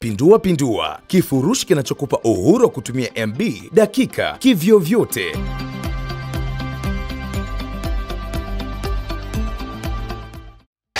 pindua pindua, kifurushi kinachokupa uhuru wa kutumia MB dakika kivyovyote.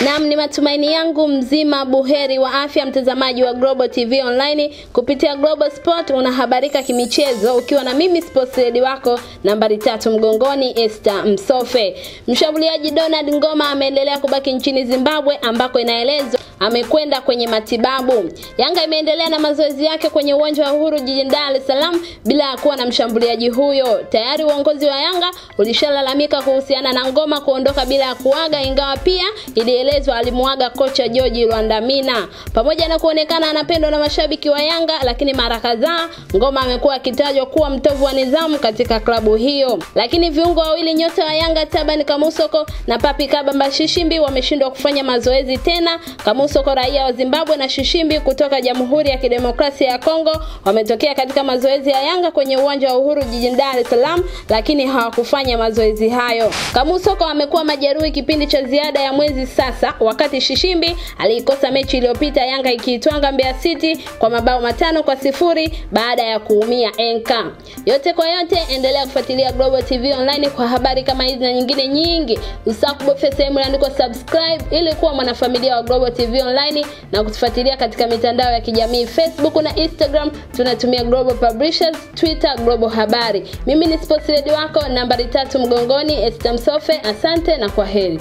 Naam, ni matumaini yangu mzima buheri wa afya, mtazamaji wa Global TV Online. Kupitia Global Sport unahabarika kimichezo ukiwa na mimi sports red wako nambari tatu mgongoni Esther Msofe. Mshambuliaji Donald Ngoma ameendelea kubaki nchini Zimbabwe ambako inaelezwa amekwenda kwenye matibabu. Yanga imeendelea na mazoezi yake kwenye uwanja wa Uhuru jijini Dar es Salaam bila ya kuwa na mshambuliaji huyo. Tayari uongozi wa Yanga ulishalalamika kuhusiana na Ngoma kuondoka bila ya kuaga, ingawa pia ilielezwa maelezo alimuaga kocha George Lwandamina. Pamoja na kuonekana anapendwa na mashabiki wa Yanga, lakini mara kadhaa Ngoma amekuwa akitajwa kuwa mtovu wa nidhamu katika klabu hiyo. Lakini viungo wawili nyota wa Yanga Taban Kamusoko na Papi Kabamba Shishimbi wameshindwa kufanya mazoezi tena. Kamusoko raia wa Zimbabwe na Shishimbi kutoka Jamhuri ya Kidemokrasia ya Kongo wametokea katika mazoezi ya Yanga kwenye uwanja wa Uhuru jijini Dar es Salaam, lakini hawakufanya mazoezi hayo. Kamusoko amekuwa majeruhi kipindi cha ziada ya mwezi sasa sasa, wakati Shishimbi aliikosa mechi iliyopita Yanga ikiitwanga Mbeya City kwa mabao matano kwa sifuri baada ya kuumia Enka. Yote kwa yote, endelea kufuatilia Global TV Online kwa habari kama hizi na nyingine nyingi. Usisahau kubofya sehemu iliyoandikwa subscribe ili kuwa mwanafamilia wa Global TV Online na kutufuatilia katika mitandao ya kijamii Facebook na Instagram. Tunatumia Global Publishers, Twitter Global Habari. Mimi ni Sports wako nambari tatu mgongoni, Esther Msofe. Asante na kwa heri.